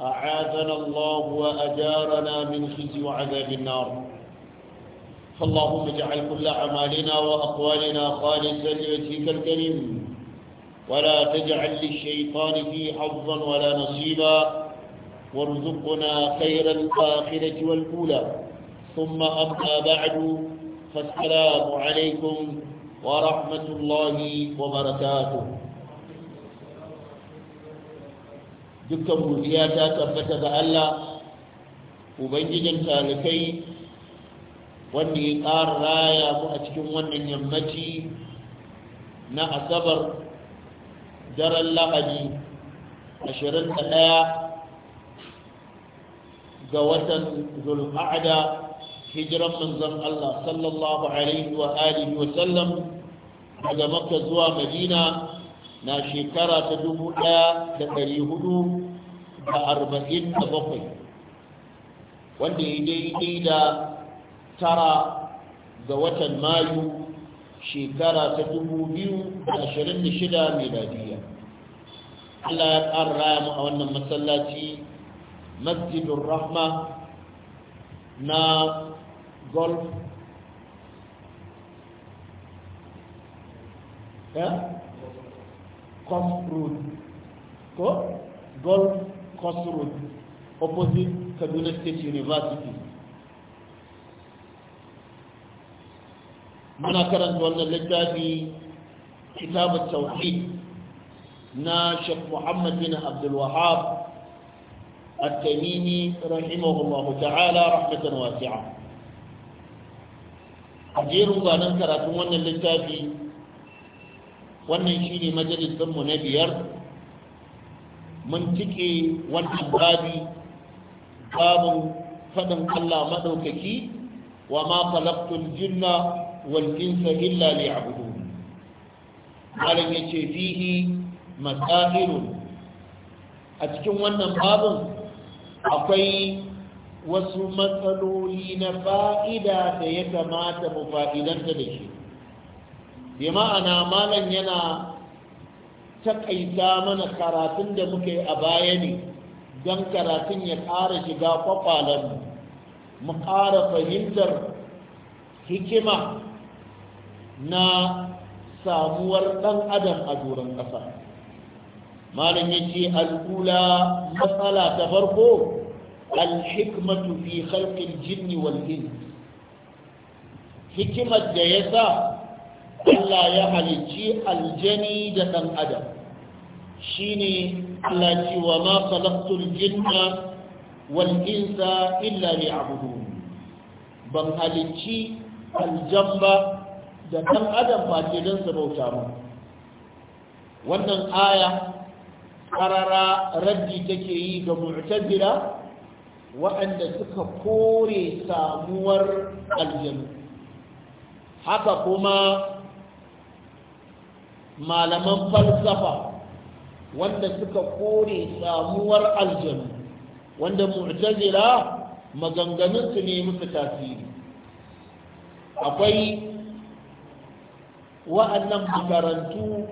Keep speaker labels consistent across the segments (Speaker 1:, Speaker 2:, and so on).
Speaker 1: أعاذنا الله وأجارنا من خزي وعذاب النار فاللهم اجعل كل أعمالنا وأقوالنا خالصة لوجهك الكريم ولا تجعل للشيطان فيه حظا ولا نصيبا وارزقنا خير الآخرة والأولى ثم أما بعد فالسلام عليكم ورحمة الله وبركاته dukkan godiya ta tabbata ga Allah ubangijin talikai wanda ya ƙara raya mu a cikin wannan yammaci na asabar daren lahadi 21 ga watan zulqa'ada hijiran manzon Allah sallallahu alaihi wa alihi wa sallam daga makka zuwa madina na shekara ta dubu ɗaya da ɗari hudu da arba'in da bakwai wanda ya daidai da tara ga watan mayu shekara ta dubu biyu da ashirin da shida miladiya Allah ya ƙara raya mu a wannan masallaci masjidun rahma na golf eh? Coast Road ko Gulf Coast opposite Kaduna State University muna karanta wannan littafi kitabun tauhid na Sheikh Muhammad bin Abdul Wahhab التميمي رحمه الله تعالى رحمة واسعة أجير وانا كراتون اللتابي wannan shine majalisinmu na biyar mun cike wannan babi babin faɗin Allah maɗaukaki wa ma falaqtul jinna wal insa illa liya'budun malam ce, fihi masailun a cikin wannan babin akwai wasu matsaloli na fa'ida da ya kamata mu fa'idanta da shi bi ma'ana malam yana takaita mana karatun da muke a baya ne don karatun ya ƙara shiga kwakwalen mu ƙara fahimtar hikima na samuwar ɗan adam a doron ƙasa malam ya ce al'ula matsala ta farko alhikmatu fi halkin jinni wal hikimar da ya sa Allah ya halicci aljani da ɗan adam shine Allah ce wa ma khalaqtul jinna wal insa illa liya'budun ban halicci aljamma da ɗan adam ba ce don su bauta mu wannan aya ƙarara raddi take yi ga mu'tazila waɗanda suka kore samuwar aljanu haka kuma malaman falsafa wanda suka kore samuwar aljanu wanda mu'tazila maganganunsu ne musu tasiri akwai wa'annan makarantu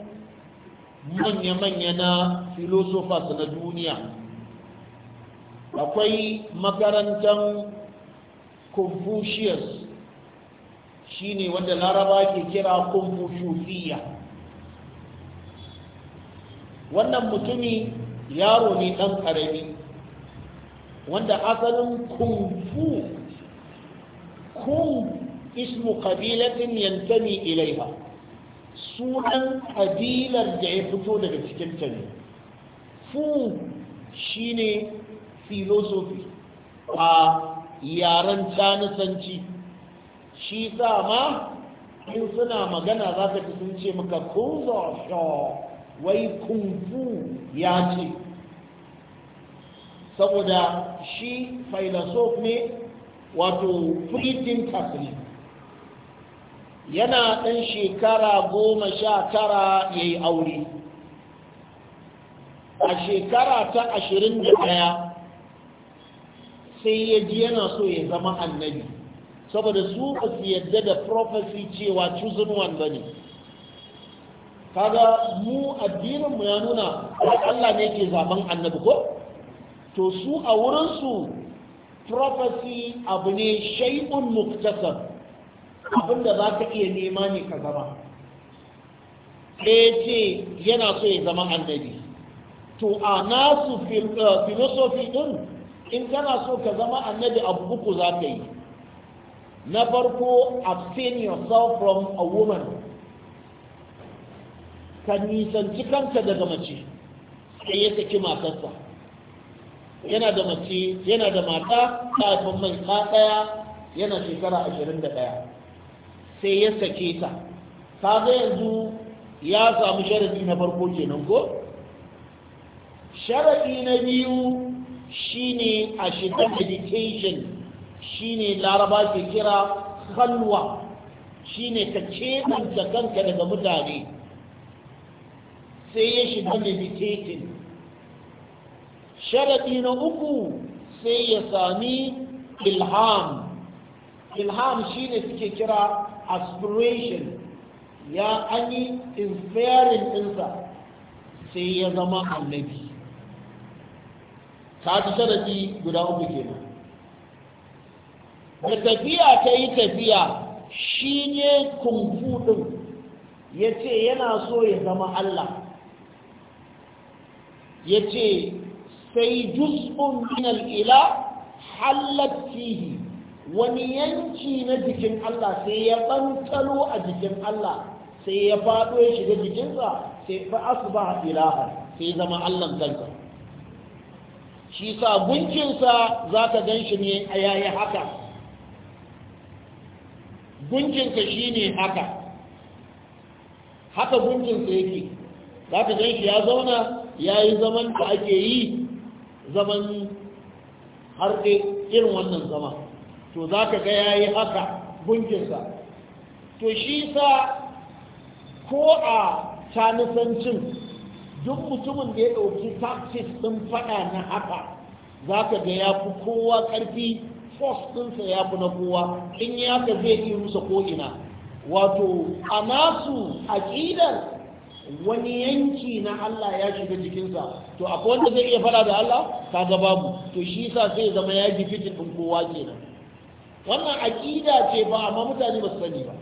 Speaker 1: manya-manya na filosofas na duniya akwai makarantar confucius shine wanda laraba ke kira confucius wannan mutumi yaro ne ɗan ƙarami wanda asalin kumfu kum ismu ƙabilatin yantani ilaiha sunan kabilar da ya fito daga cikin ta ne fu shine filosofi a yaren canisanci shi sa ma in suna magana za ka fi sun ce maka kun zo wai kumfu ya ce saboda shi filosof ne wato freethinkers ne yana ɗan shekara goma sha tara ya yi aure a shekara ta ashirin da ɗaya sai ya ji yana so ya zama annabi saboda su ba su yadda da prophecy cewa chosen one ne kaga mu addinin mu ya nuna Allah ne ke zaben annabi ko to su a wurin su prophecy abu ne shay'un muktasab abinda za ka iya nema ne ka zama ce yana so ya zama annabi to a nasu eh, philosophy din in kana so ka zama annabi abu uku za ka yi na farko abstain yourself from a woman ka nisanci kanka daga mace sai ya saki matarsa yana da mace yana da mata kafin mai ta ɗaya yana shekara ashirin da ɗaya. sai ya sake ta ta ga yanzu ya samu sharadi na farko kenan ko sharadi na biyu shine a shiga meditation shine laraba ke kira khalwa shine ka ce kanka daga mutane sai ya shiga meditating sharaɗi na uku sai ya sami ilham ilham shine suke kira aspiration ya an yi inspiring ɗinsa sai ya zama annabi ka sharaɗi guda uku kenan da tafiya ta yi tafiya shi ne kumfu ɗin ya ce yana so ya zama Allah ya ce sai juz'un min ila hallat fihi wani yanki na jikin Allah sai ya ɓantalo a jikin Allah sai ya faɗo ya shiga jikinsa sai fa asbaha ilaha sai zama Allahn kansa shi sa gunkinsa za ka gan shi ne a yayi haka gunkinsa shi ne haka haka gunkin gunkinsa yake za ka gan shi ya zauna ya yi zaman da ake yi zaman har irin wannan zama to za ka ga ya yi haka bunkinsa to shi sa ko a canisancin duk mutumin da ya ɗauki taxis ɗin faɗa na haka za ka ga ya fi kowa ƙarfi force ɗinsa ya fi na kowa in ya ka zai iya rusa ko'ina wato a nasu aƙidar wani yanki na Allah ya shiga jikinsa to akwai wanda zai iya faɗa da Allah kaga babu to shi yasa sai zama ya ji fitin din kowa kenan wannan aƙida ce ba amma mutane ba su sani ba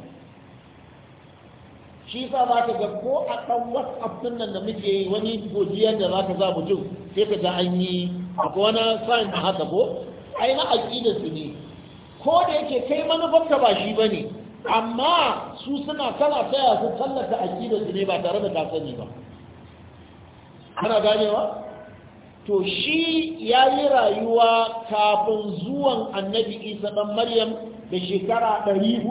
Speaker 1: shi yasa za ka ga ko a ɗan WhatsApp din nan da muke yi wani godiya da zaka za mu jin, sai ka ga an yi akwai wani sign da haka ko ai na aqida su ne ko da yake kai manufarta ba shi bane amma su suna kana tsaya su tallata aƙidarsu ne ba tare da ka sani ba ana ganewa to shi ya yi rayuwa kafin zuwan annabi isa ɗan maryam da shekara ɗari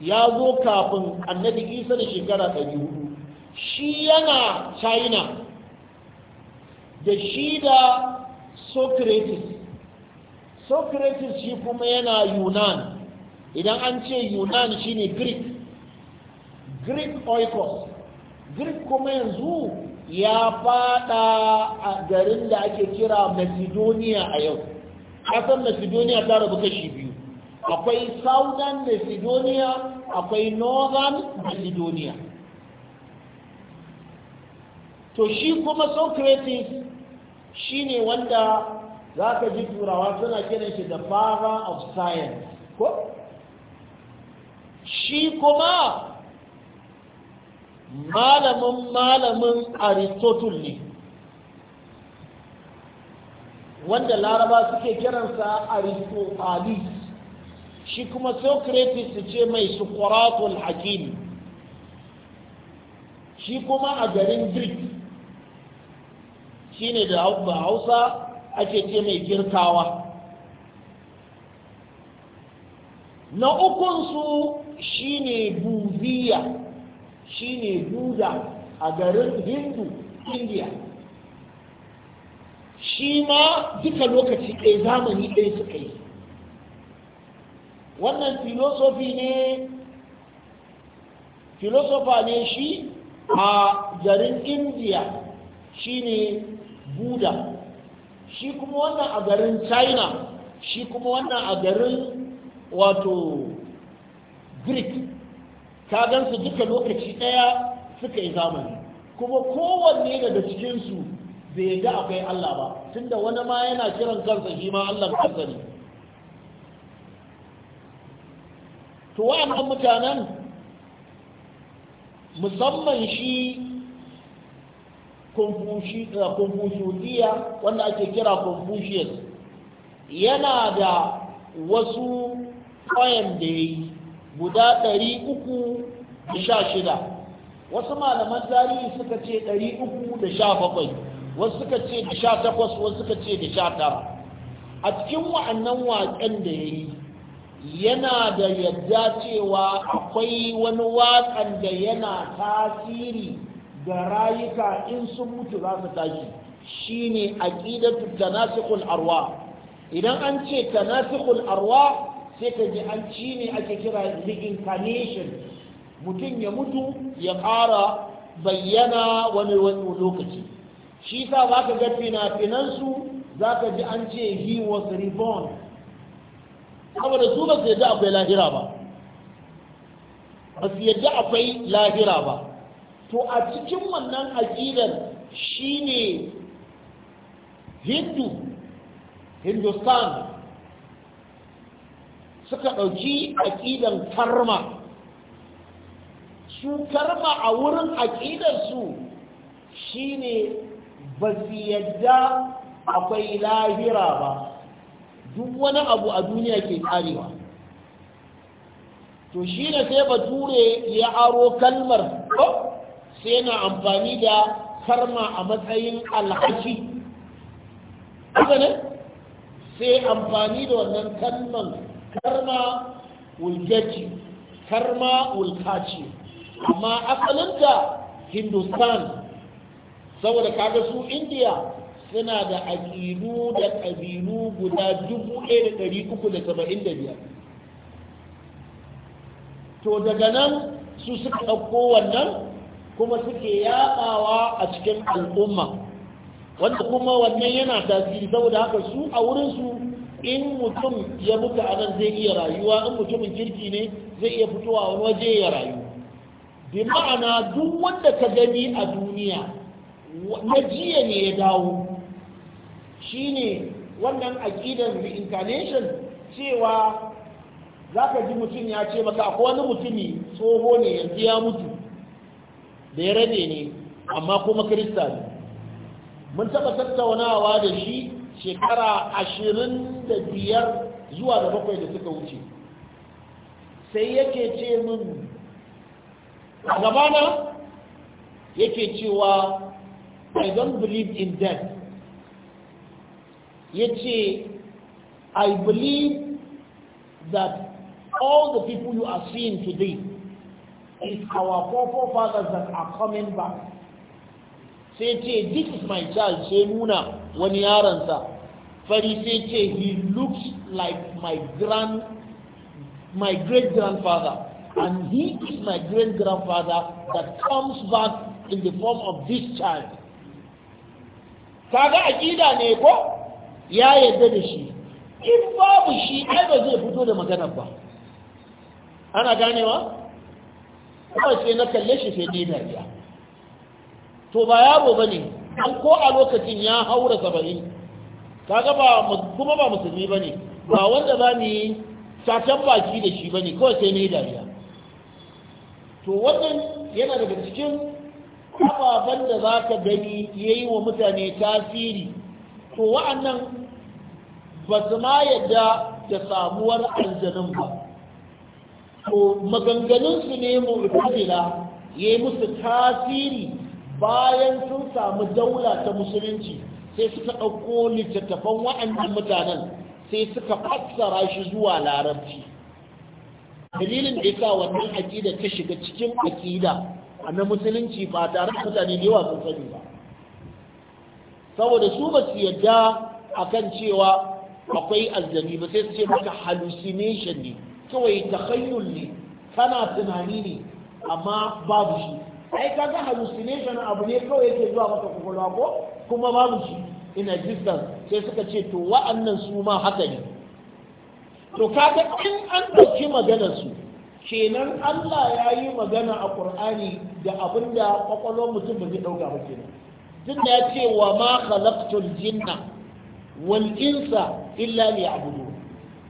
Speaker 1: ya zo kafin annabi isa da shekara ɗari shi yana china da shi da socrates socrates shi kuma yana yunan idan an ce yunan shine greek greek oikos greek kuma yanzu ya fada a garin da ake kira macedonia a yau kasar macedonia ta rabu kashi biyu akwai southern macedonia akwai northern macedonia to shi kuma socrates shi ne wanda za ka ji turawa suna kiran shi da father of science ko shi kuma malamin malamin aristotle ne wanda laraba suke kiransa aristophanes shi kuma socrates ce mai sukuratul hakim shi kuma a garin greek shi ne da hausa ake ce mai girkawa na ukunsu shine buziya shine buza a garin hindu India. shi ma duka lokaci ɗaya zamani ɗaya suka yi wannan filosofi ne filosofa ne shi a garin India shi ne buda shi kuma wannan a garin china shi kuma wannan a garin wato greek ka su duka lokaci ɗaya suka yi zamani kuma kowanne daga cikinsu bai ga akwai Allah ba tunda wani ma yana kiran kansa shi ma Allah kansa ne to an mutanen musamman shi confucianiya eh, wanda ake kira confucius yana da wasu ƙwayan da ya yi guda ɗari uku da sha shida wasu malaman tarihi suka ce ɗari uku da sha bakwai wasu suka ce da sha takwas wasu suka ce da sha tara a cikin wa'annan waƙen da ya yi yana da yadda cewa akwai wani waƙan da yana tasiri ga rayuka in sun mutu za su tashi shine ƙidatu tanasikul arwa idan an ce tanasikul arwa sai ka ji an ci ne ake kira reincarnation mutum ya mutu ya ƙara bayyana wani wani lokaci shi sa za ka ga finafinansu? finansu za ka ji an ce he was reborn saboda su ba su yadda akwai lahira ba ba su yadda akwai lahira ba to a cikin wannan aƙidar shi ne hindu hindustan suka ɗauki aƙidan karma su karma a wurin aƙidarsu shi ne ba su yadda akwai lahira ba duk wani abu a duniya ke karewa to shi ne sai bature ya aro kalmar ko oh! sai na amfani da karma a matsayin alhaki haka ne sai amfani da wannan kalmar karma wulgaci karma wulkaci amma asalinta hindustan saboda kaga su indiya suna da aƙidu da ƙabilu guda 1375 to daga nan su suka ɗauko wannan kuma suke yaɗawa a cikin al'umma wanda kuma wannan yana tasiri saboda haka su a wurinsu in mutum ya mutu a nan zai iya rayuwa in mutumin kirki ne zai iya fitowa wani waje ya rayu bi ma'ana duk wanda ka gani a duniya na jiya ne ya dawo shine wannan aƙidar reincarnation cewa za ka ji mutum ya ce maka akwai wani mutumi tsoho ne yanzu ya mutu da ya rabe ne amma kuma kirista ne mun taɓa tattaunawa da shi shekara ashirin da biyar zuwa da bakwai da suka wuce sai yake ce min a gabana yake cewa i don't believe in death ya ce i believe that all the people you are seeing today is our forefathers that are coming back sai ce this is my child sai nuna wani yaransa fari sai ce he looks like my grand my great grandfather and he is my great grandfather that comes back in the form of this child kaga aƙida ne ko ya yarda da shi in babu shi ai ba zai fito da maganar ba ana ganewa kuma sai na kalle shi sai dai dariya to ba yaro bane an ko a lokacin ya haura saba'in kaga ba kuma ba musulmi bane ba wanda za mu yi baki da shi bane kawai sai na yi dariya to wannan yana daga cikin ababen da za ka gani ya yi wa mutane tasiri to wa'annan ba su ma yadda da samuwar aljanin ba to maganganunsu ne mu'tazila ya yi musu tasiri bayan sun samu daula ta musulunci sai suka ɗauko littattafan waɗannan mutanen sai suka fassara shi zuwa larabci dalilin da yasa wannan aƙida ta shiga cikin aƙida na musulunci ba tare da mutane da yawa sun sani ba saboda su ba su yadda akan cewa akwai aljani ba sai su ce maka hallucination ne kawai takhayyul ne kana tunani ne amma babu shi ai ka ga hallucination abu ne kawai yake zuwa maka kwakwalwa ko kuma babu shi in existence sai suka ce to wa'annan su ma haka ne to kaga in an ɗauki maganar su kenan Allah ya yi magana a Qur'ani da abinda da kwakwalwar mutum ba zai ɗauka ba kenan tun ya ce wa ma khalaqtul jinna wal insa illa liya'budun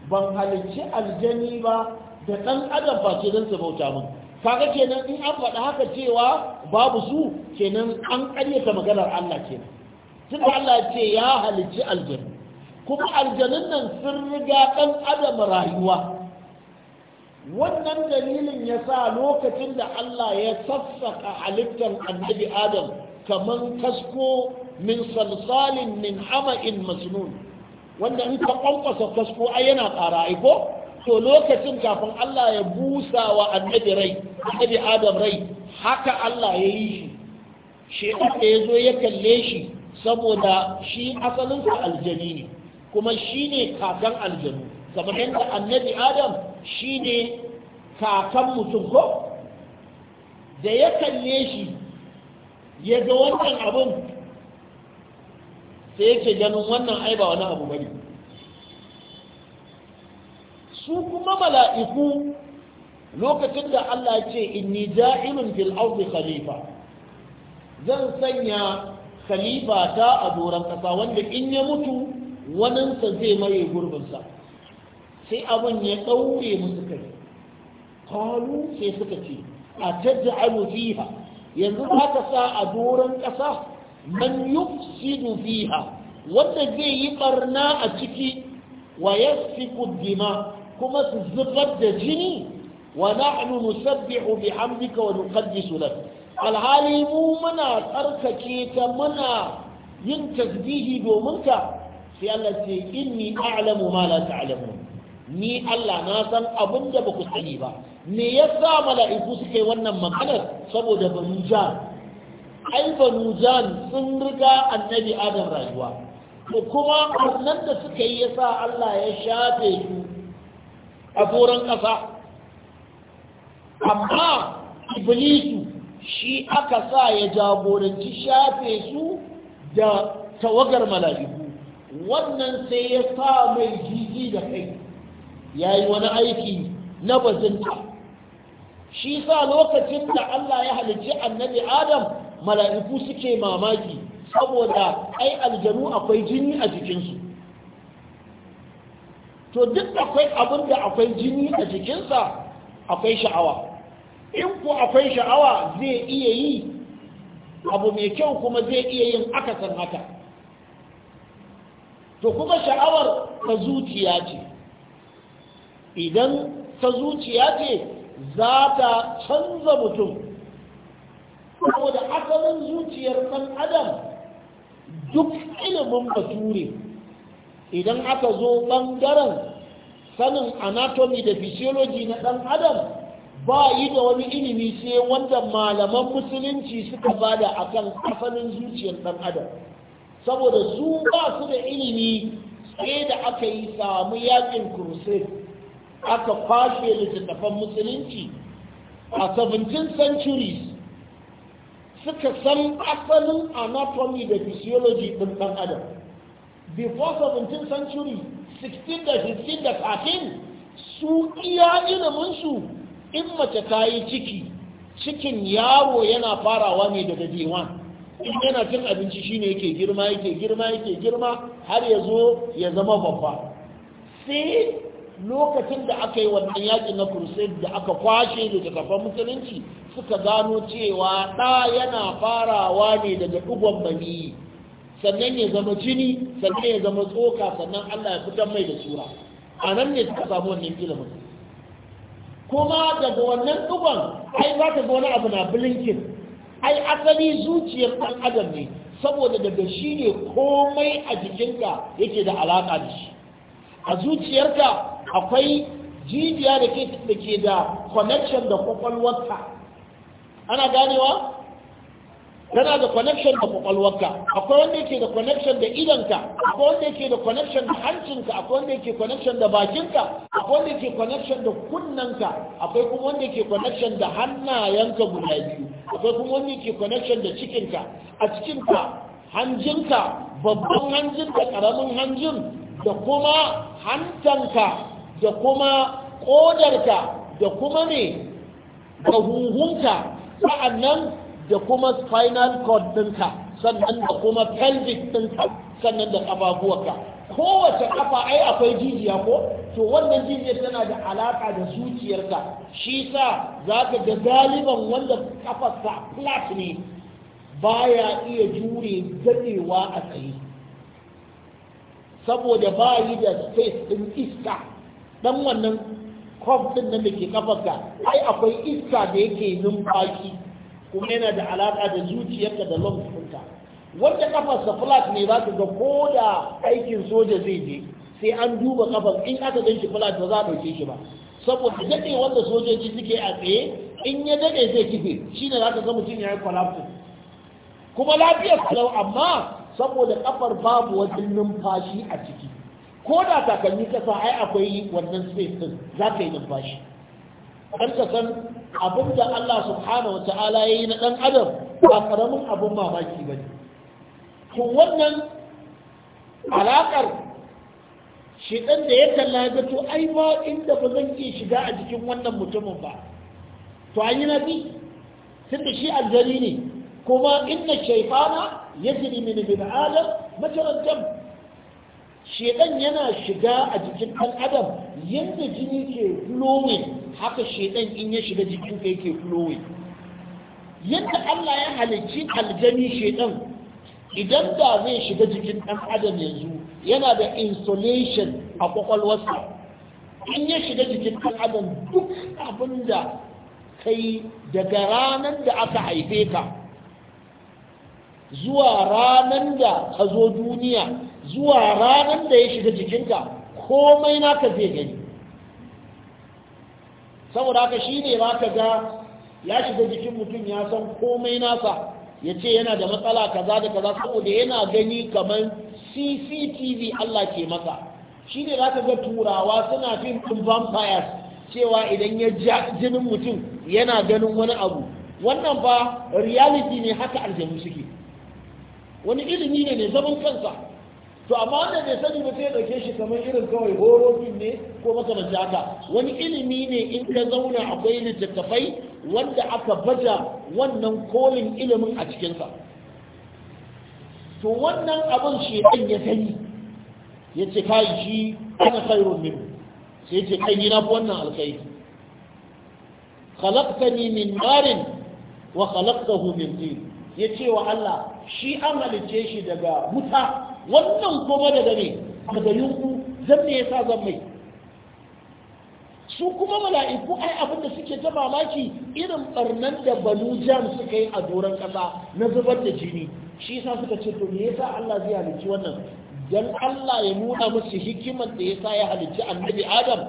Speaker 1: ban halicci aljani ba da ɗan adam face don su bauta min kaga kenan in an faɗa haka cewa babu su kenan an ƙaryata maganar Allah kenan tun Allah ce ya halicci aljanu kuma aljanun nan sun riga ɗan adam rayuwa wannan dalilin ya sa lokacin da Allah ya sassaka halittar annabi adam kamar kasko min salsalin min hama'in masnun wanda in ka kwankwasa kasko ai yana ƙara aiko to lokacin kafin Allah ya busa wa annabi rai annabi adam rai haka Allah ya yi shi shi da ya zo ya kalle shi saboda shi asalinsa aljani ne kuma shi ne kakan aljanu kamar yadda annabi adam shi ne kakan mutum ko da ya kalle shi ya ga wannan abin sai yake ganin wannan ai ba wani abu bane su kuma mala'iku lokacin da Allah ce inni ja'ilun fil ardi khalifa zan sanya khalifa ta a doron ƙasa wanda in ya mutu waninsa zai maye gurbinsa sai abin ya ɗaure musu kai kalu sai suka ce a taj'alu fiha yanzu za ka sa a doron ƙasa man yufsidu fiha wanda zai yi barna a ciki wa yasfiku dima kuma su zubar da jini wa nahnu nusabbihu bihamdika wa nuqaddisu lak alhali mu muna tsarkake ta muna yin tasbihi domin ka sai Allah ce inni a'lamu ma la ta'lamun ni Allah na san abin da ba ku sani ba me yasa mala'iku suke wannan maganar saboda banu jan ai banu jan sun riga annabi adam rayuwa kuma annan da suka yi yasa Allah ya shafe su a doron ƙasa amma iblisu shi aka sa ya jagoranci shafe su da tawagar mala'iku wannan sai ya sa mai jiji da kai ya yi wani aiki na bazinta shi sa lokacin da Allah ya halicci annabi adam mala'iku suke mamaki saboda ai aljanu akwai jini a jikinsu to duk akwai abin da akwai jini a jikinsa akwai sha'awa in ku akwai sha'awa zai iya yi abu mai kyau kuma zai iya yin akasin haka to kuma sha'awar ta zuciya ce idan ta zuciya ce za ta canza mutum saboda asalin zuciyar ɗan adam duk ilimin bature idan aka zo ɓangaren sanin anatomy da physiology na ɗan adam ba yi da wani ilimi sai wanda malaman musulunci suka bada akan asalin zuciyar ɗan adam saboda su ba su da ilimi sai da aka yi samu yakin crusade aka kwashe littattafan musulunci a 17 centuries suka san asalin anatomy da physiology ɗin ɗan adam before 17th century 16 da 15 da 13 su iya munsu. in mace ta yi ciki cikin yaro yana farawa ne daga d in yana cin abinci shine yake girma yake girma yake girma har ya zo ya zama babba sai lokacin da aka yi wannan yaki na crusade da aka kwashe littattafan musulunci suka gano cewa ɗa yana farawa ne daga ɗugon maniyi sannan ya zama jini sannan ya zama tsoka sannan Allah ya fitar mai da sura a nan ne suka samu wannan ilimin kuma daga wannan dugon ai za ta ga wani abu na bilinkin ai asali zuciyar dan adam ne saboda daga shi ne komai a jikinka yake da alaka da shi a zuciyarka akwai jijiya da ke da connection da kwakwalwarka ana ganewa kana da connection da kwakwalwarka akwai wanda yake da connection da idanka akwai wanda yake da connection da hancinka akwai wanda yake connection da bakinka akwai wanda yake connection da kunnanka akwai kuma wanda yake connection da hannayenka guda biyu akwai kuma wanda yake connection da cikinka a cikinka hanjinka babban hanjin da karamin hanjin da kuma hantanka da kuma kodarka da kuma ne da huhunka nan. da kuma spinal cord ɗinka sannan da kuma pelvic ɗinka sannan da ƙafafuwarka kowace ƙafa ai akwai jijiya ko to wannan jijiyar tana da alaƙa da zuciyarka shi sa za ka ga galiban wanda ƙafarsa flat ne baya iya jure daɗewa a tsaye saboda ba yi da space ɗin iska ɗan wannan kwamfin nan da ke ƙafarka ai akwai iska da yake numfashi kuma yana da alaƙa da zuciyarka da lungs ɗinka wanda kafarsa flat ne za ka ga ko da aikin soja zai je sai an duba kafar in aka ganshi flat ba za a ɗauke shi ba saboda daɗe wanda sojoji suke a tsaye in ya daɗe zai kife shi ne za ka ga mutum ya yi kwalafin kuma lafiyar kalau amma saboda kafar babu wajen numfashi a ciki ko da takalmi kasa ai akwai wannan space ɗin, za ka yi numfashi kan ka san abin da Allah subhanahu wa ta'ala ya yi na ɗan adam ba ƙaramin abin mamaki ba ne to wannan alaƙar shi ɗan da ya kalla ga to ai ba inda ba zan iya shiga a jikin wannan mutumin ba to an yi bi, tun da shi aljari ne kuma inna shaifana ya jiri min bin adam majalar Shi ɗan yana shiga a jikin ɗan adam yadda jini ke flowing haka shaidan in ya shiga jikinka yake flowin' yadda Allah ya halicci aljani shaidan idan da zai shiga jikin ɗan adam yanzu yana da insulation a kwakwalwarsa in ya shiga jikin ɗan adam duk abin da kai daga ranar da aka haife ka zuwa ranar da ka zo duniya zuwa ranar da ya shiga jikinka komai naka zai gani saboda haka shi ne ka ga ya shiga jikin mutum ya san komai nasa ya ce yana da matsala kaza da kaza saboda yana gani kamar cctv allah ke masa shi ne ka ga turawa suna fim ɗin vampires cewa idan ya ja jinin mutum yana ganin wani abu wannan ba reality ne haka aljanu suke wani ilimi ne ne zaman kansa to amma wanda bai sani ba sai ya dauke shi kamar irin kawai horofin ne ko makamanci haka wani ilimi ne in ka zauna akwai littattafai wanda aka baja wannan kolin ilimin a cikinsa to wannan abin ɗan ya sani ya ce kai shi ana khairun min sai ce kai na fi wannan alkhairi khalaqtani min narin wa khalaqtahu min tin ya ce wa Allah shi an halice shi daga wuta wannan kuma daga ne daga yunku zan ne sa zan mai su kuma mala'iku ai abinda suke ta mamaki irin barnan da banu jam suka yi a doron kasa na zubar da jini shi sa suka ce to me yasa Allah zai halicci wannan dan Allah ya nuna musu hikimar da yasa ya halicci annabi Adam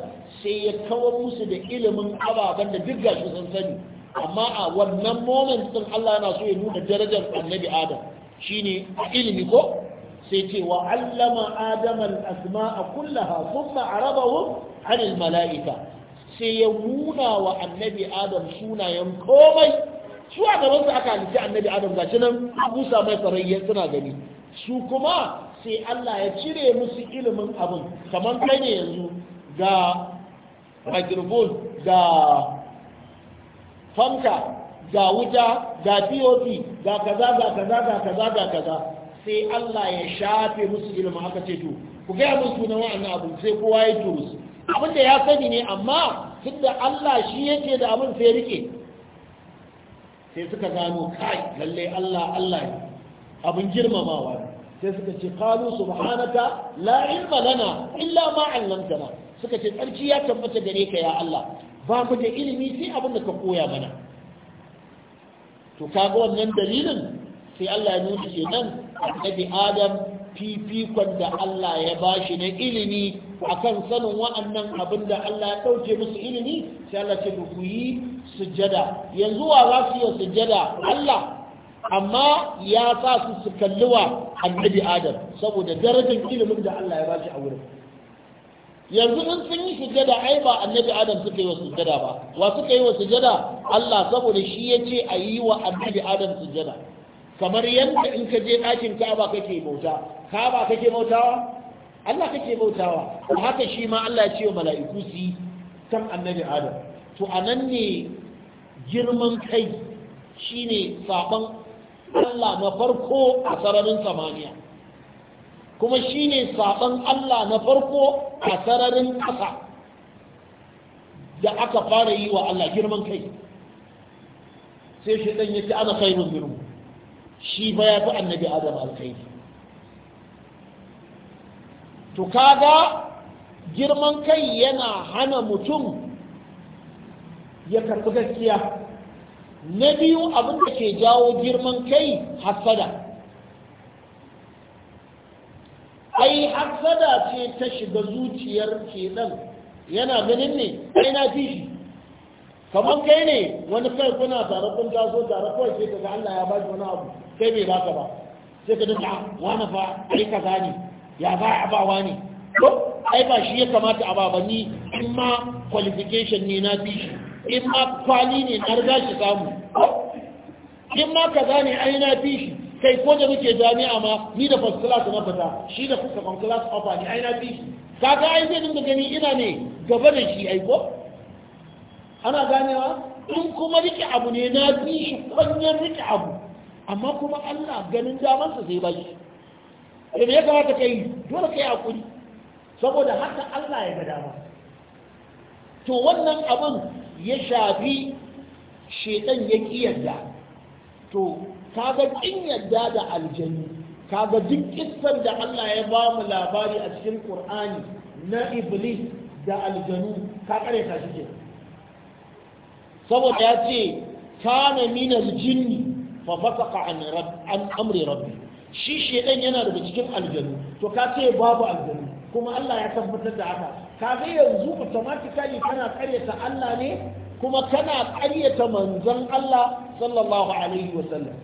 Speaker 1: sai ya kawar musu da ilimin ababen da duk gashi sun sani amma a wannan moment din Allah yana so ya nuna darajar annabi Adam shine ilimi ko sai ce wa allama adama Asma a kullaha thumma arabahu 'an al-mala'ika sai ya nuna wa annabi adam sunayen komai su a gaban su aka halitta annabi adam gashi nan busa mai sarayya suna gani su kuma sai Allah ya cire musu ilimin abin kamar kai yanzu ga microphone ga fanka ga wuta ga pop ga kaza ga kaza ga kaza ga kaza sai Allah ya shafe musu ilimi aka ce to ku gaya musu sunan wa'annan abu sai kowa ya turus abin da ya sani ne amma tunda Allah shi yake da abin sai rike sai suka gano kai lalle Allah Allah abin girmamawa sai suka ce qalu subhanaka la ilma lana illa ma 'allamtana suka ce tsarki ya tabbata gare ka ya Allah ba mu da ilimi sai abin da ka koya mana to kaga wannan dalilin sai Allah ya nuna kenan annabi Adam fifikon da Allah ya bashi na ilimi akan sanin wa'annan abin da Allah ya ɗauke musu ilimi sai Allah ce ku yi sujada. yanzu wa za su yi sujada? Allah amma ya sa su su kalli wa annabi Adam saboda darajar ilimin da Allah ya bashi a wurin yanzu in sun yi sujada ai ba annabi adam suka yi wa sujada ba wa suka yi wa sujada Allah saboda shi ya ce a yi wa annabi adam sujada kamar yadda in ka je ɗakin kaba kake bauta kaba kake bautawa Allah kake bautawa haka shi ma Allah ya ce wa mala'iku kan annabi Adam to anan ne girman kai shine saban Allah na farko a sararin samaniya kuma shine saban Allah na farko a sararin ƙasa da aka fara yi wa Allah girman kai sai shi dan yace ana khairun minhu shi ba ya fi annabi adam alkhairi to kaga girman kai yana hana mutum ya karɓi gaskiya na biyu abin da ke jawo girman kai hasada ai hasada ce ta shiga zuciyar kenan yana ganin ne ai na fi shi kamar kai ne wani kai kuna tare kun taso tare kawai sai kaga Allah ya baki wani abu kai bai baka ba sai ka dinga wani fa ai kaza ne ya za a ba wani ko ai ba shi ya kamata a ba ba ni in ma qualification ne na bi shi in ma kwali ne na riga shi samu in ma kaza ne ai na bi shi kai ko da muke jami'a ma ni da first class na fita shi da second class offer ne ai na bi shi kaga ai zai dinga gani ina ne gaba da shi ai ko ana ganewa in kuma rike abu ne na fi shi kwanyar rike abu amma kuma Allah ganin damansa zai bashi da eh, ya kamata ka yi dole ka yi hakuri saboda haka Allah ya ga dama to wannan abin ya shafi shedan ya ki yarda to kaga kin yadda da aljanni kaga duk kissan da Allah ya ba mu labari a cikin ƙur'ani na iblis da aljanu ka kare ka shi kenan saboda ya ce kana minal jinni fa fasaka an an amri rabbi shi shedan yana daga cikin aljanu to ka ce babu aljanu kuma Allah ya tabbatar da haka ka ga yanzu automatically kana karyata Allah ne kuma kana karyata manzon Allah sallallahu alaihi sallam.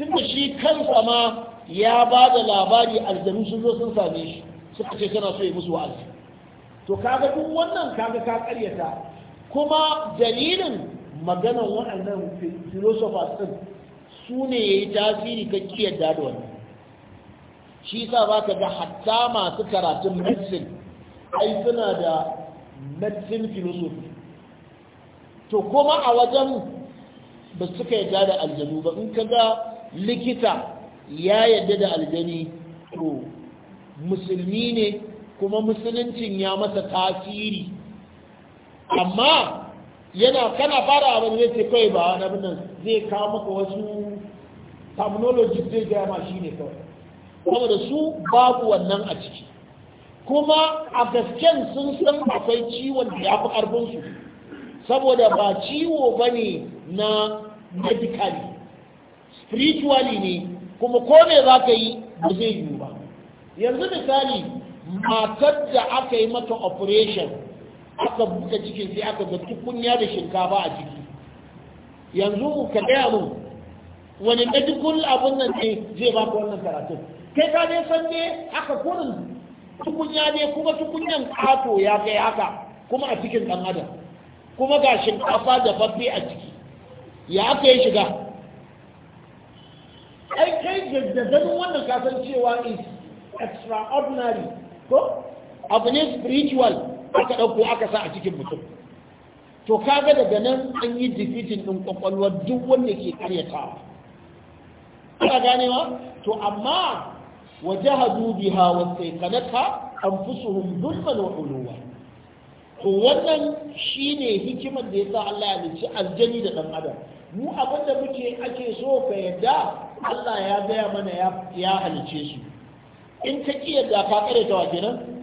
Speaker 1: tunda shi kansa ma ya ba da labari aljanu sun zo sun same shi suka ce kana so ya musu wa'azi to kaga duk wannan kaga ka karyata kuma dalilin maganan waɗannan philosophers ɗin su ne ya yi tasiri ka yadda da wannan shi sa ba ka ga hatta masu karatun medicine ai suna da medicine philosophy to kuma a wajen ba suka yadda da aljanu ba in ka ga likita ya yadda da aljani to musulmi ne kuma musuluncin ya masa tasiri amma yana kana fara abin zai ce kai ba na nan zai kawo maka wasu terminology zai gaya ma shi ne kawai kuma da su babu wannan a ciki kuma a gasken sun san akwai ciwon da ya fi ƙarfinsu saboda ba ciwo ba ne na medically spiritually ne kuma ko me za ka yi ba zai yiwu ba yanzu misali matar da aka yi mata operation aka buka cikin sai aka ga tukunya da shinkafa a ciki yanzu ka gaya mun wani medical abin nan ne zai baka wannan karatun kai ka dai san ne aka kurin tukunya ne kuma tukunyan kato ya kai haka kuma a cikin ɗan adam kuma ga shinkafa da babbe a ciki ya aka yi shiga ai kai da ganin wannan kasancewa is extraordinary ko abu ne spiritual aka ɗauko aka sa a cikin mutum to kaga daga nan an yi difitin ɗin ƙwaƙwalwar duk wanda ke karyatawa ana ganewa to amma wa jahadu biha wa saykanaka anfusuhum dhulman wa uluwa to wannan shine hikimar da yasa Allah ya dace aljani da dan adam mu abin da muke ake so ka yadda Allah ya gaya mana ya halice su in ka ki yadda ka kare ta wa kenan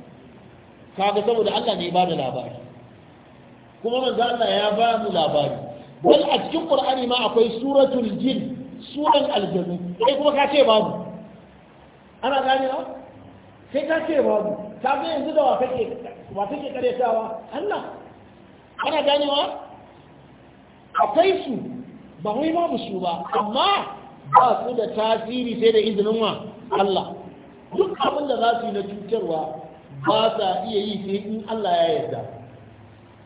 Speaker 1: kaga saboda Allah ne ba da labari kuma manzo Allah ya ba mu labari wal a cikin Qur'ani ma akwai suratul jin suran aljannu sai kuma ka ce babu ana gane ba sai ka ce babu ka ga yanzu da wa kake wa kake karyatawa Allah ana gane ba akwai su ba wai babu su ba amma ba su da tasiri sai da izinin wa Allah duk abin da za su yi na cutarwa ba sa iya yi sai in Allah ya yarda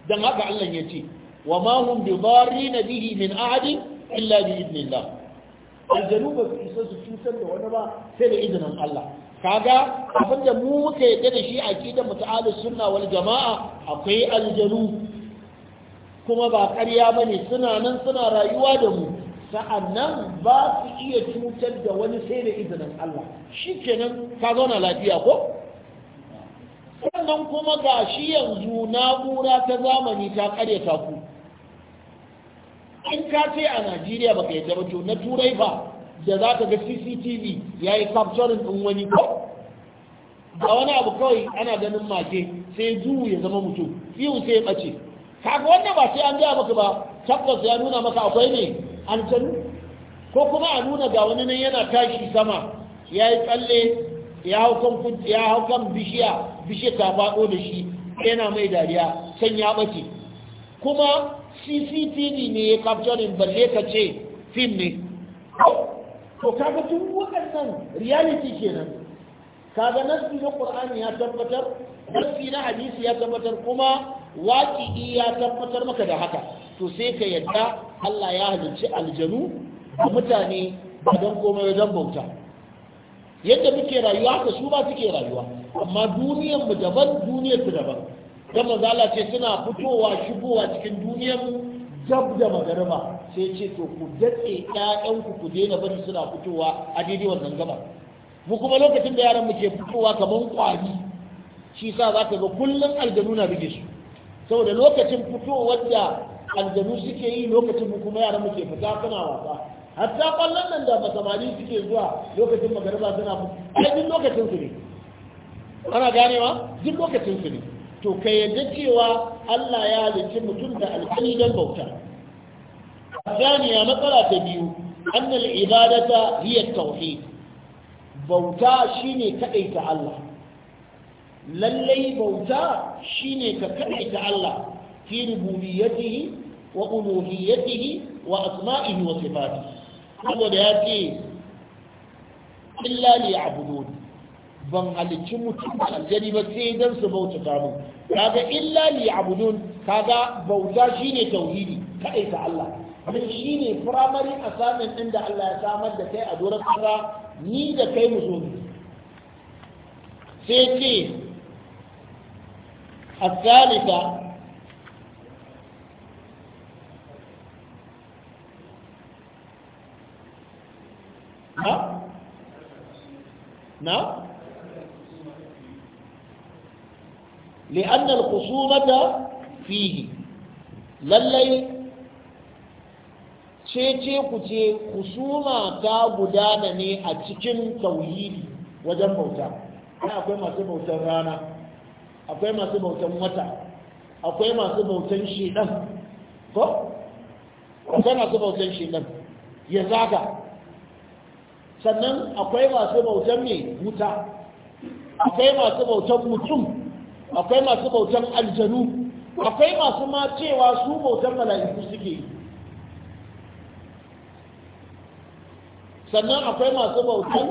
Speaker 1: dan haka Allah ya ce wa ma hum bi dharrin bihi min ahadin illa bi idnillah aljanu ba su isa su cutar da wani ba sai da izinin Allah kaga abin da mu muka yadda da shi a kidan mutu'alus sunna wal jama'a akwai aljanu kuma ba ƙarya ne. suna nan suna rayuwa da mu sa'annan ba su iya cutar da wani sai da izinin Allah kenan ka zauna lafiya ko sannan kuma ga shi yanzu na'ura ta zamani ta ta ku in ka ce a najeriya baka yadda ba na turai ba da za ka ga cctv ya yi capturing ɗin wani ko a wani abu kawai ana ganin mace sai zuwu ya zama mutum fiyu sai ya ɓace kaga wannan ba sai an gaya maka ba tabbas ya nuna maka akwai ne an ko kuma a nuna ga wani nan yana tashi sama ya yi tsalle ya hau kan ya hau bishiya bishiya ta faɗo da shi yana mai dariya san ya bace kuma CCTV ne ya capturing balle ka ce film ne to kaga duk waɗannan reality kenan kaga nassi na Qur'ani ya tabbatar nassi na hadisi ya tabbatar kuma waƙi'i ya tabbatar maka da haka to sai ka yadda Allah ya halicci aljanu da mutane ba don komai wajen bauta yadda muke rayuwa ka su ba suke rayuwa amma duniyar mu daban duniyar su daban dan manzala ce suna fitowa shigowa cikin duniyar mu dab da magarba sai ce to ku datse ƴaƴanku ku daina bari suna fitowa a daidai wannan gaba mu kuma lokacin da yaran mu ke fitowa kaman kwari shi sa za ka ga kullum aljanu na rige su saboda lokacin fitowar da aljanu suke yi lokacin mu kuma yaran mu ke fita suna wasa hatta kwallon nan da masamari suke zuwa lokacin magariba suna ai duk lokacin su ne ana ganewa duk lokacin su ne to ka yadda cewa Allah ya halicci mutum da alƙali don bauta
Speaker 2: zaniya matsala ta biyu
Speaker 1: annal ibadata hiya tauhi bauta shine kadaita Allah lallai bauta shine ka kadaita Allah fi rububiyyatihi wa uluhiyyatihi wa asma'ihi wa sifatihi saboda ya ce illali a ban halicci mutum da aljani ba sai don su bauta samu kaga illali ne a kaga bauta shine tauhidi kaɗai ta Allah abin shi ne firamare asamin ɗin da Allah ya samar da kai a doron kasa ni da kai mu zo sai ce a na? na? li'anna al-khusumata fihi lallai ce ku ce husuma ta gudana ne a cikin tauhidi wajen bauta kuma akwai masu bautan rana akwai masu bautan wata akwai masu bautan shedan ko? akwai masu bautan shedan ya zaga sannan akwai masu bautan mai wuta akwai masu bautan mutum akwai masu bautan aljanu akwai masu ma cewa su bautan mala'iku suke sannan akwai masu bautan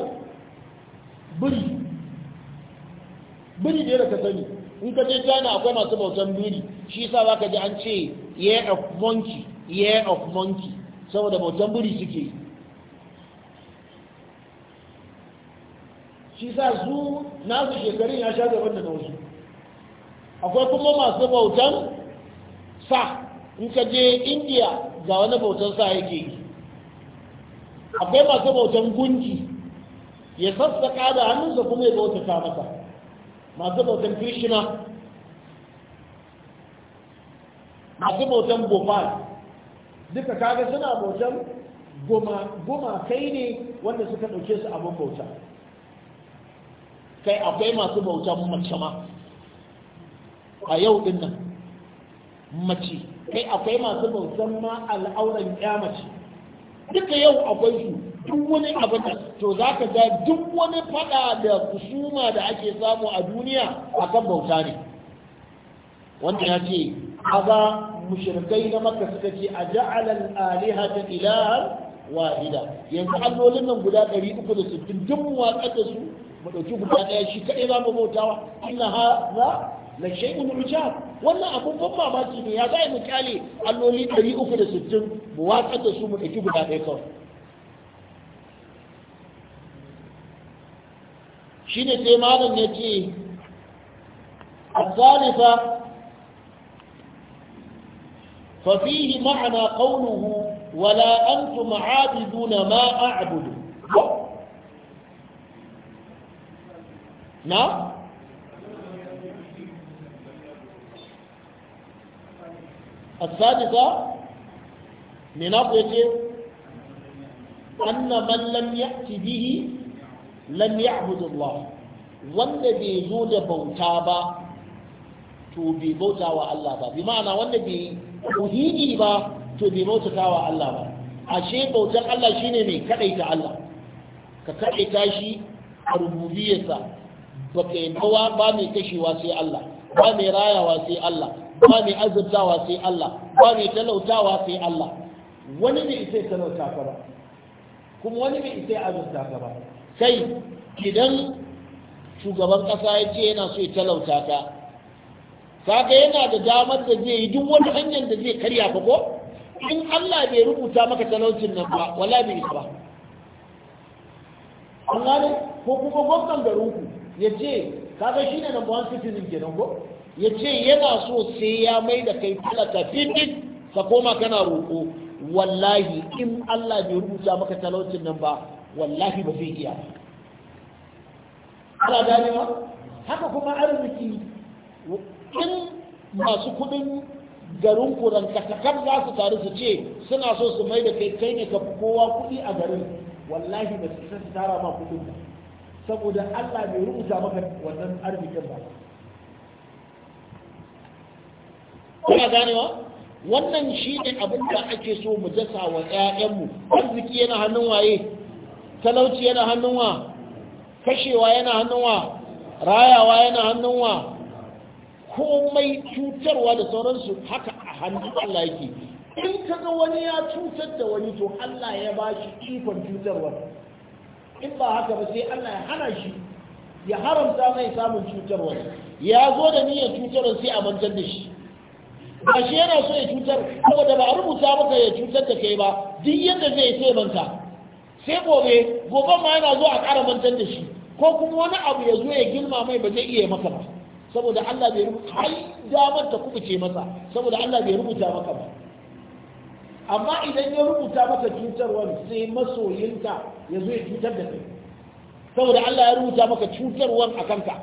Speaker 1: biri biri ne da ka sani in ka je jana akwai masu bautan biri shi sa za ka ji an ce year of monkey year of monkey saboda bautan biri suke yi shi sa su nasu shekarun ya sha gaban da na wasu akwai kuma masu bautan sa in ka je indiya ga wani bautan sa yake yi akwai masu bautan gunki ya sassaka da hannunsa kuma ya bauta ta mata masu bautan krishna masu bautan Bhopal duka kaga suna bautan goma kai ne wanda suka ɗauke su abin bauta kai akwai masu bautan mace ma a yau din nan
Speaker 2: mace kai
Speaker 1: akwai masu bautan ma al'auran ya mace duka yau akwai su duk wani abin da to za ka ga duk wani fada da kusuma da ake samu a duniya A kan bauta ne wanda ya ce a ba mushrikai na maka suka ce a Al-Aliha ta ilahan wahida yanzu allolin nan guda 360 duk mu watsa da su mu guda ɗaya shi kaɗai za mu bautawa inna hadha la shay'un ujab wannan abun ban mamaki ne ya za mu kyale alloli 360 mu watsar da su mu dauki guda ɗaya kawai shine sai malam ya ce الثالثة ففيه معنى قوله ولا أنتم عابدون ما أعبد na السادسة من أقوى أن من لم يأتي به لم يعبد الله wanda bai zo da bauta ba to bai bauta wa Allah ba bi ma'ana wanda bai tauhidi ba to bai bauta wa Allah ba ashe bautar Allah shine mai kadaita Allah ka shi a rububiyarsa ba kai kowa ba mai kashewa sai Allah ba mai rayawa sai Allah ba mai azurtawa sai Allah ba mai talautawa sai Allah wani ne isai talauta ka ba kuma wani ne isai azurta ka ba kai idan shugaban ƙasa ya ce yana so ya talauta ka kaga yana da damar da zai yi duk wani hanyar da zai karya ka ko in Allah bai rubuta maka talaucin nan ba wala bai isa ba an gane ko kuma gwamnan garinku ya ce kaga shi ne number one citizen kenan ko ya ce yana so sai ya mai da kai talaka fitik ka koma kana roƙo wallahi in Allah bai rubuta maka talaucin nan ba wallahi ba zai iya
Speaker 2: ana ganewa
Speaker 1: haka kuma arziki in masu kudin garin kuran kasakar za su taru su ce suna so su mai da kai kai ne ka kowa kudi a garin wallahi ba su san tara ma kudin ba saboda Allah bai rubuta maka wannan arzikin ba kuna ganewa wannan shi ne abin da ake so mu dasa wa ƴaƴanmu arziki yana hannun waye talauci yana hannun wa kashewa yana hannun wa rayawa yana hannun wa komai cutarwa da sauransu haka a hannun Allah yake in ka ga wani ya cutar da wani to Allah ya ba shi ikon cutarwa in ba haka ba sai Allah ya hana shi ya haramta mai samun cutarwa ya zo da niyyar cutarwa sai a mantar da shi ba shi yana so ya cutar saboda ba a rubuta maka ya cutar da kai ba duk yadda zai sai manta sai gobe gobe ma yana zo a ƙara mantar da shi ko kuma wani abu ya zo ya girma mai ba zai iya maka ba saboda Allah bai rubuta har damar ta kubuce masa saboda Allah bai rubuta maka ba amma idan ya rubuta maka cutarwar sai masoyinka ya zo ya cutar da kai saboda Allah ya rubuta maka cutarwar a kanka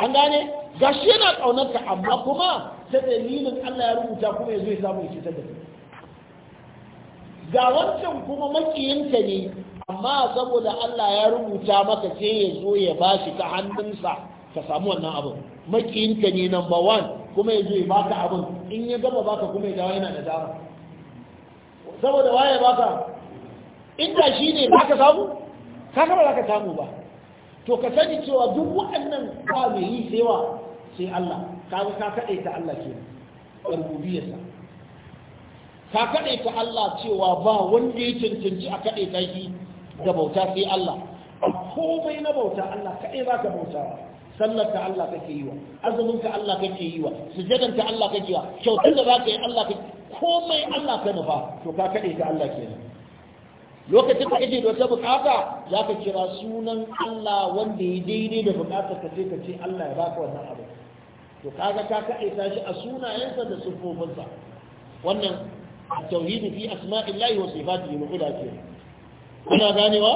Speaker 1: an gane gashi yana ƙaunarka amma kuma ta dalilin Allah ya rubuta kuma ya zo ya samu ya cutar da kai ga wancan kuma makiyinka ne amma saboda Allah ya rubuta maka sai ya zo ya ba shi ta hannunsa ka samu wannan abin makiyinka ne number one kuma ya zo ya baka abin in ya gaba baka kuma ya dawo yana da dama saboda waye baka inda shi ne ba ka samu kaka ba za ka samu ba to ka sani cewa duk waɗannan ba mai yi sewa sai Allah kaga ka kaɗaita Allah kenan, ke rububiyarsa ka kaɗaita Allah cewa ba wanda ya cancanci a kaɗaita shi da bauta sai Allah komai na bauta Allah kaɗai za ka bautawa sallarka Allah kake yi wa azuminka Allah kake yi wa sujjadanka Allah kake yi wa kyautar da za ka yi Allah kake komai Allah ka to ka kaɗe ka Allah kenan lokacin da kake da wata bukata za ka kira sunan Allah wanda ya daidai da bukatar ka ce ka ce Allah ya baka wannan abu to kaga ka kaɗaita shi a sunayensa da siffofinsa wannan tauhidi fi asma'illahi wa sifatihi mu'ula ke kuna ganewa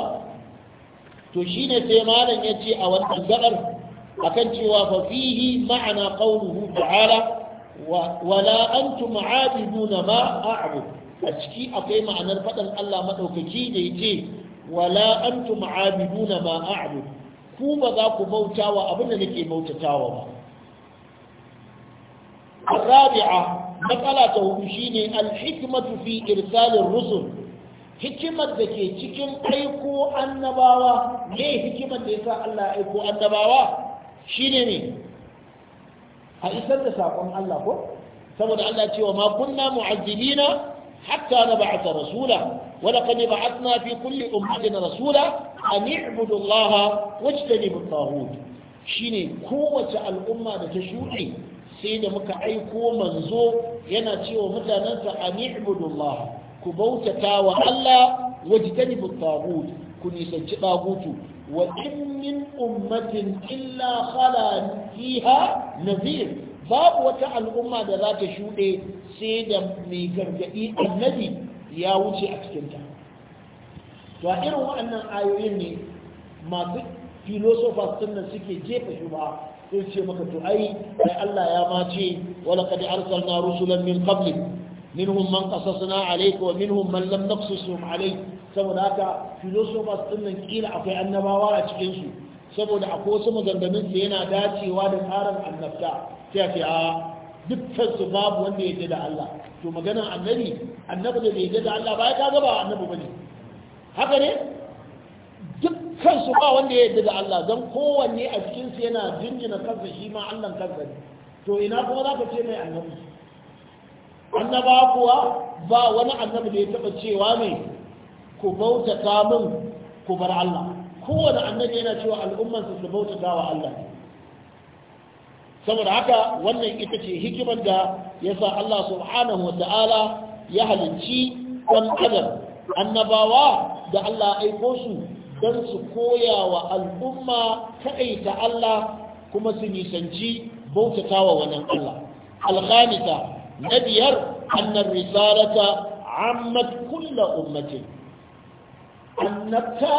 Speaker 1: to shine sai malam yace a wannan gabar akan cewa fa fihi ma'ana qawluhu ta'ala wala an tuma abiduna ma a'bu a ciki akwai ma'anar faɗan Allah maɗaukaci da yake wala an tuma abiduna ma a'bu ku ba za ku bauta wa abin da nake bautatawa ba arabi'a matsala ta hudu shine alhikmatu fi irsalir rusul hikimar da ke cikin aiko annabawa ne hikimar da yasa Allah aiko annabawa shine ne a isar da saƙon Allah ko saboda Allah cewa ma kunna mu'azzibina hatta nab'atha rasula wa laqad ba'athna fi kulli ummatin rasula an i'budu Allah wajtanibu at-taghut shine kowace al'umma da ta shuɗe sai da muka aiko manzo yana cewa mutanensa an i'budu Allah ku bautata wa Allah wajtanibu at-taghut ku nisanci ɗagutu wa in min ummatin illa khala fiha nazir babu wata al'umma da za ta shuɗe sai da mai gargaɗi annabi ya wuce a cikinta to a irin waɗannan ayoyin ne masu filosofas din nan suke jefa ba? sai ce maka to ai ai Allah ya mace ce wa laqad arsalna rusulan min qablik minhum man qasasna alayka wa minhum man lam naqsusum saboda haka philosophers din nan kila akwai annabawa a cikin su saboda akwai wasu maganganun su yana dacewa da tsarin annabta sai ce a dukkan su babu wanda ya da Allah to maganar annabi annabi da bai da Allah ba ya kaga ba annabi bane haka ne dukkan su ba wanda ya da Allah dan kowanne a cikin su yana jinjina kansa shi ma Allah kansa ne to ina kuma zaka ce mai annabi annaba kuwa ba wani annabi da ya taɓa cewa ne ku bautata min ku bar Allah kowane annabi yana cewa al'ummansa su bautata wa Allah saboda haka wannan ita ce hikimar da ya sa Allah subhanahu wa ta'ala ya halicci ɗan adam annabawa da Allah aiko su don su koya wa al'umma ta'aita Allah kuma su nisanci bautata wa wannan Allah alhamita na biyar annan risalata ammat kulla ummatin annabta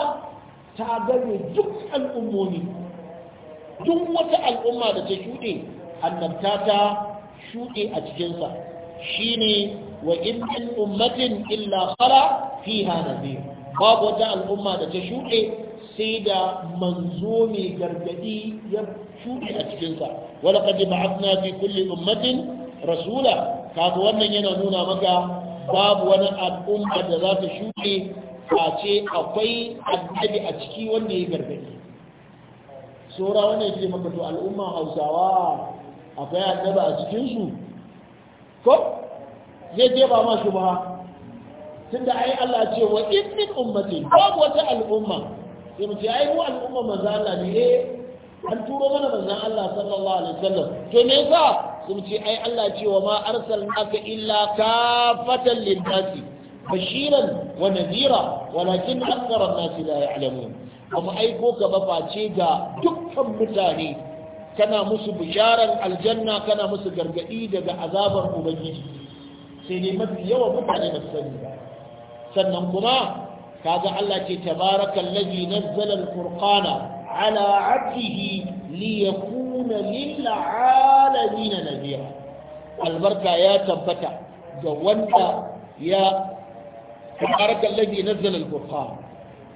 Speaker 1: ta gane duk al'ummomi duk wata al'umma da ta shuɗe annabta ta shuɗe a cikinsa shi ne wa in ummatin illa fara fi hanabi babu wata al'umma da ta shuɗe sai da manzo mai gargadi ya shuɗe a cikinsa wadda kaji ba'afna fi kulle ummatin rasula kaga wannan yana nuna maka babu wani al'umma da za ta shuɗe face akwai annabi a ciki wanda ya gargaɗi saura wannan ce maka to al'umma hausawa akwai annabi a cikinsu ko zai je ba ma shubha tunda ai Allah ce wa in min ummati babu wata al'umma sai mu ce ai mu al'umma manzo Allah ne eh an turo mana manzon Allah sallallahu alaihi wasallam to me yasa sun ce ai Allah ce wa ma ka illa kafatan lin-nasi bashiran wa nadhira walakin akthara an-nasi la ya'lamun kuma aiko ka ba face ga dukkan mutane kana musu bisharan aljanna kana musu gargadi daga azabar ubangiji sai ne mafi yawa mutane ba sani sannan kuma kaga Allah ce tabarakallazi nazzala al-furqana ala 'abdihi liyakuna lil'a albarka ya tabbata ga wanda ya tabaraka alladhi al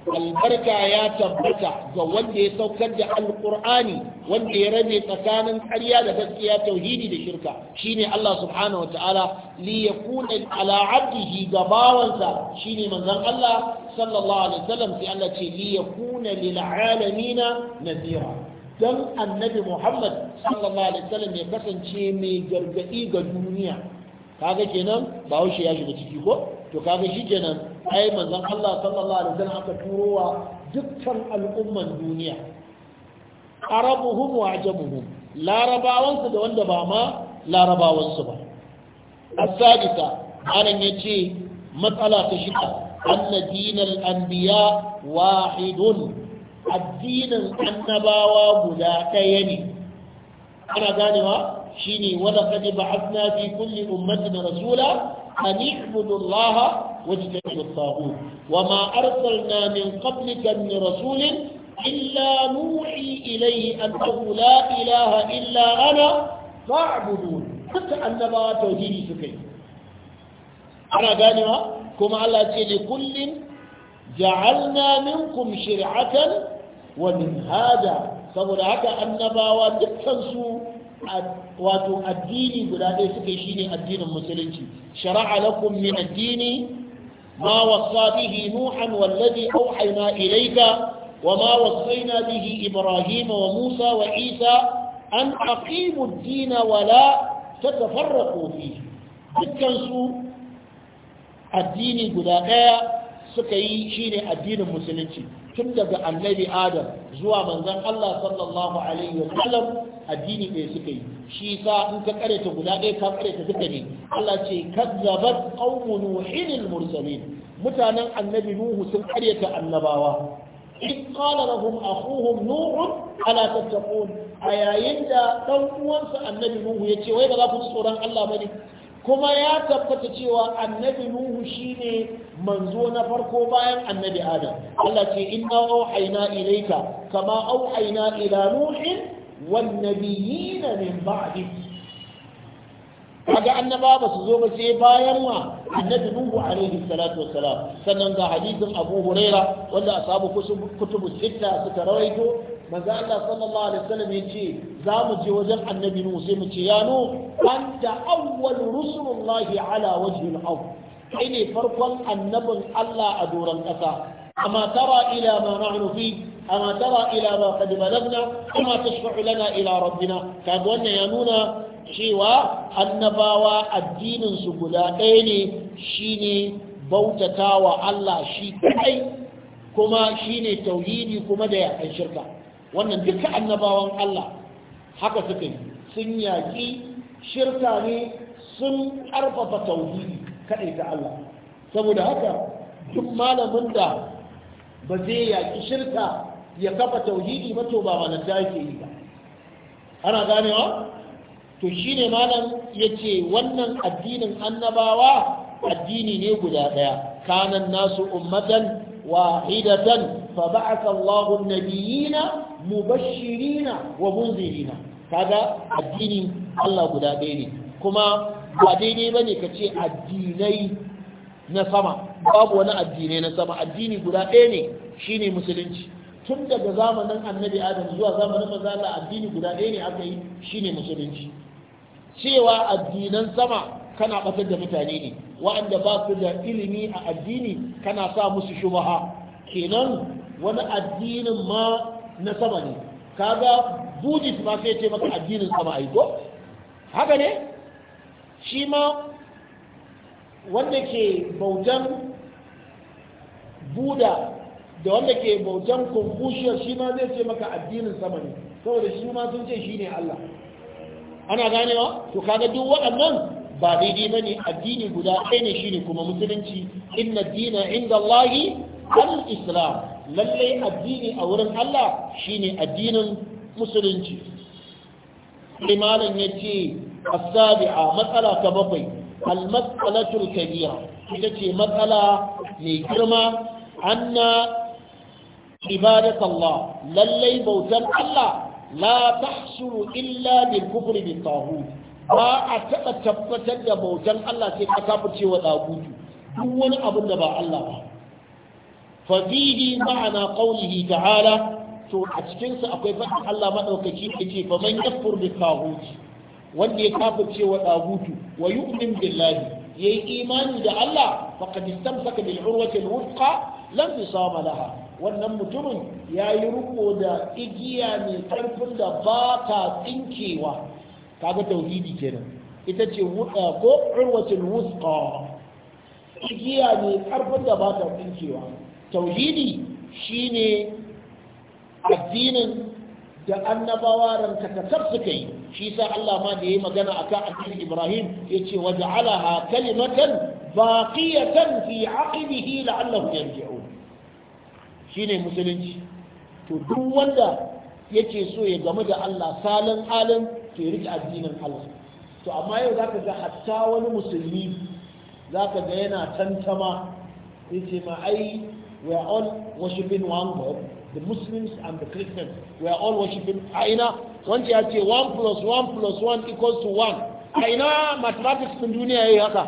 Speaker 1: albarka ya tabbata ga wanda ya saukar da alqur'ani wanda ya rabe tsakanin ƙarya da gaskiya tauhidi da shirka shine Allah subhanahu wataala li yakuna ala abdihi gabawansa shine manzon Allah sallallahu alaihi wasallam sai Allah ce li yakuna lil alamin nazira don annabi muhammad sallallahu alaihi wasallam ya kasance mai gargadi ga duniya kaga kenan bahaushe ya shiga ciki ko to kaga shi kenan ai manzon Allah sallallahu alaihi wasallam aka turowa dukkan al'umman duniya arabuhum wa ajabuhum larabawansu da wanda ba ma larabawansu ba asabita sadisa anan yace matsala ta shida anna dinal anbiya wahidun addinin annabawa guda ɗaya ne ana ganewa shine wala qad ba'athna fi kulli ummatin rasula wajen i'budu allaha wajtanibu Wa ma wama na min qablika min rasulin illa nuhi ilayhi an la ilaha illa ana fa'budun haka annabawa tauhidi suka yi ana ganewa kuma Allah ce li kullin ja'alna minkum shir'atan wa hada saboda haka annabawa dukkansu wato addini guda ɗaya suka shi ne addinin musulunci shara'a lakum min addini ma wasa bihi nuhan wallazi auhayna ilayka wa ma wasayna bihi ibrahima wa musa wa isa an aqimu ad-din wa la tatafarraqu fihi dukkansu addini guda ɗaya suka yi shine addinin musulunci tun daga annabi adam zuwa manzon Allah sallallahu alaihi wa sallam addini ɗaya suka yi shi sa in ka ta guda ɗaya ka ta duka ne Allah ce kazzabat qaumu nuhin mursalin mutanen annabi nuhu sun karyata annabawa in qala lahum akhuhum nuh ala tattaqun a yayin da dan uwansa annabi nuhu ya ce wai ba za ku tsoron Allah bane kuma ya tabbata cewa annabi nuhu shine manzo na farko bayan annabi adam Allah ce inna auhayna ilayka kama auhayna ila nuhin wan nabiyina min ba'di kaga annaba ba su zo ba sai bayan wa annabi nuhu alaihi salatu wassalam sannan ga hadisin abu huraira wanda ashabu kutubu sitta suka rawaito manzo Allah sallallahu alaihi wasallam yace za mu je wajen annabi nu sai mu ce ya nu anta awwal rusulullahi ala wajhil ard kai ne farkon annabin Allah a doron ƙasa amma tara ila ma nahnu fi amma tara ila ma qad balagna amma tashfa'u lana ila rabbina kaga wannan ya nuna cewa annabawa addinin su guda ɗaya ne shine bautatawa Allah shi kai kuma shine tauhidi kuma da yakan shirka wannan duka annabawan Allah haka suka yi sun yaƙi shirka ne sun ƙarfafa tauhidi kaɗai ta Allah saboda haka duk malamin da ba zai yaƙi shirka ya kafa tauhidi ba to ba malanta yake yi ba ana ganewa to shine malam ce wannan addinin annabawa addini ne guda ɗaya kanan nasu ummatan wahidatan فبعث الله النبيين مبشرين ومنذرين kaga addini Allah guda ɗaya ne kuma ba daidai ba ne ka ce addinai na sama babu wani addinai na sama addini guda ɗaya ne shine musulunci tun daga zamanin annabi adam zuwa zamanin manzala addini guda ɗaya ne aka yi shine musulunci cewa addinan sama kana batar da mutane ne wa'anda ba su da ilimi a addini kana sa musu shubaha kenan wani addinin ma na sama ne kaga buddhist ma sai ce maka addinin sama ai ko haka ne shi ma wanda ke bautan buda da wanda ke bautan confucius shi ma zai ce maka addinin sama ne saboda shi ma sun ce shi ne allah ana ganewa to kaga duk waɗannan ba daidai ba ne addini guda ɗaya ne shi ne kuma musulunci inna dina inda allahi al-islam lallai addini a wurin Allah shine addinin musulunci limanin ya ce asabi'a matsala ta bakwai almatsalatul kabira ita ce matsala mai girma anna ibadat Allah lallai bautan Allah la tahsulu illa bil kufri bi ba a taɓa tabbatar da bautan Allah sai ka kafirce wa duk wani abin da ba Allah ba ففيه معنى قوله تعالى to a cikinsa akwai faɗin Allah maɗaukaci da ce fa man yakfur bi taguti wanda ya kafirce wa tagutu wa yu'min billahi yayi imani da Allah faqad istamsaka bil urwati al wuthqa lam yusama laha wannan mutumin yayi riko da igiya mai karfin da ba ta tsinkewa kaga tauhidi kenan ita ce eh, ko igiya mai karfin da ba ta tsinkewa tauhidi shine addinin da annabawa rankatakar suka yi shi sa Allah ma da yi magana akan annabi Ibrahim yace waja'alaha kalimatan baqiyatan fi aqibihi la'allahum yarji'un shine musulunci to duk wanda yake so ya gamu da Allah salan halin to ya rike addinin Allah to amma yau zaka ga hatta wani musulmi zaka ga yana tantama yace ma ai we are all worshiping one God the Muslims and the Christians we are all worshiping. a ina wanda ya one plus one plus one equals to one, a ina mathematics in duniya ya yi haka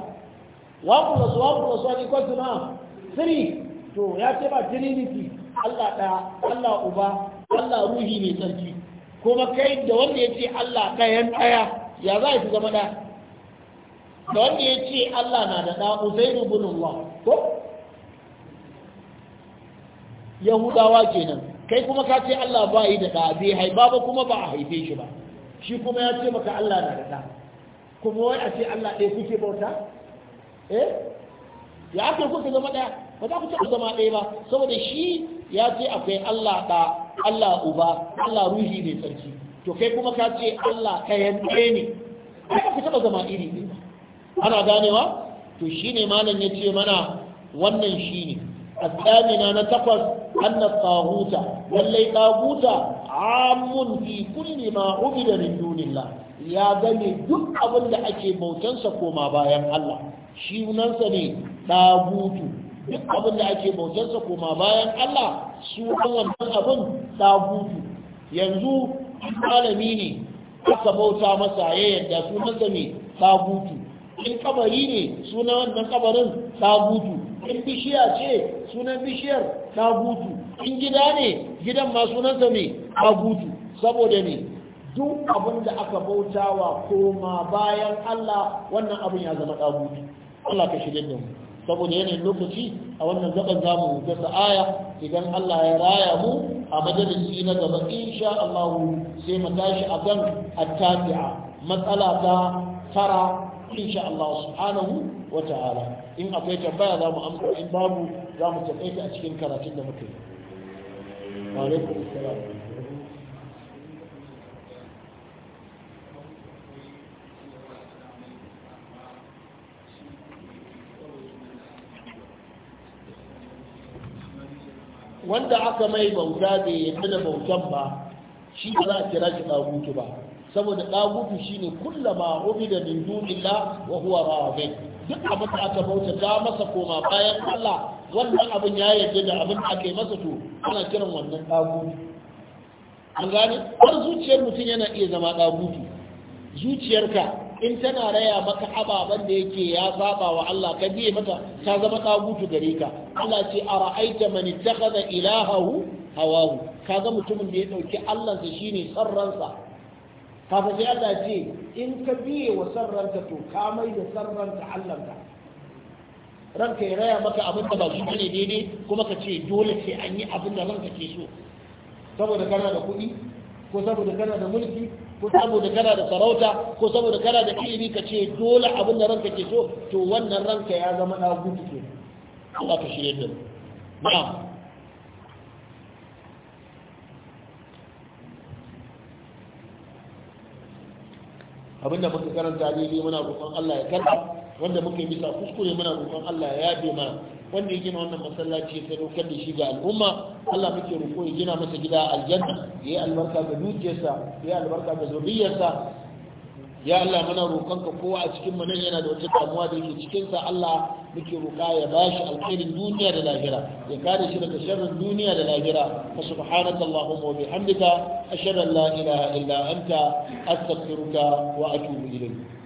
Speaker 1: one plus one plus one equals to na three, to ya ce ba trinity Allah ɗaya Allah uba Allah ruhi ne tsarki kuma kai da wanda ya ce Allah ɗayan ɗaya ya za a fi zama ɗaya da wanda ya ce Allah na da ɗa Uzairu bin Allah ko yahudawa kenan kai kuma ka ce Allah ba yi da ɗa bai haiba ba kuma ba a haife shi ba shi kuma ya ce maka Allah na da ɗa kuma wai a ce Allah ɗaya kuke bauta eh ya aka kuka zama ɗaya ba za ku taɓa zama ɗaya ba saboda shi ya ce akwai Allah ɗa Allah uba Allah ruhi mai sarki to kai kuma ka ce Allah kayan ɗaya ne ba ku taɓa zama iri ne ana ganewa to shine malam ya ce mana wannan shi ne. الثامنة na أن الطاغوت واللي طاغوت عام في كل ما عبد من دون الله يا غني دك أبن da ake bautansa koma bayan Allah sunansa ne tagutu duk abin da ake bautansa koma bayan Allah su wannan abin tagutu yanzu malami ne aka bauta masa ya sunansa ne tagutu in kabari ne sunan wannan kabarin tagutu in bishiya ce sunan bishiyar ɗagutu in gida ne gidan ma sunansa ne ɗagutu saboda ne duk abin da aka bautawa koma bayan Allah wannan abin ya zama ɗagutu Allah ka shigar da mu saboda yanayin lokaci a wannan zaɓen za mu gasa aya idan Allah ya raya mu a shi na gaba insha Allah sai mu tashi a kan attabi'a matsala ta tara insha Allah subhanahu wa ta'ala in akwai tambaya za mu amsa in babu za mu taƙaita a cikin karatun da muka yi wanda aka mai bauta da ya da bautan ba shi ba za a kira shi ɗagutu ba saboda ɗagutu shi ne kullama da min dunillah wa huwa rabi duk abin da aka bauta ta masa koma bayan Allah wannan abin ya yarda da abin da masa to ana kiran wannan ɗagutu an gane har zuciyar mutum yana iya zama ɗagutu zuciyarka in tana raya maka ababen da yake ya saba wa Allah ka biye mata ta zama ɗagutu gare ka Allah ce a ra'aita man ittakhadha ilahahu hawahu kaga mutumin da ya dauki Allah sa shine sarransa kafin sai Allah ce in ka biye wa sarranta to ka mai da sarranka Allah ka ranka ya raya maka abin da ba shi ne daidai kuma ka ce dole sai an yi abin da ranka ke so saboda kana da kuɗi ko saboda kana da mulki ko saboda kana da sarauta ko saboda kana da ilimi ka ce dole abin da ranka ke so to wannan ranka ya zama na gudu ke Allah ka shirye da na'am abinda muka karanta daidai muna roƙon Allah ya karɓa wanda muke bisa kuskure muna roƙon Allah ya bi mana wanda ya gina wannan masallaci ya sadaukar da shi ga al'umma Allah muke roƙo ya gina masa gida aljanna ya yi albarka ga dukiyarsa ya yi albarka ga zuriyarsa ya Allah muna roƙonka kowa a cikin mu nan yana da wata damuwa da yake cikin sa Allah muke roƙa ya bashi alkhairin duniya da lahira ya kare shi daga sharrin duniya da lahira fa subhanaka allahumma wa bihamdika ashhadu an la ilaha illa anta astaghfiruka wa atubu ilayk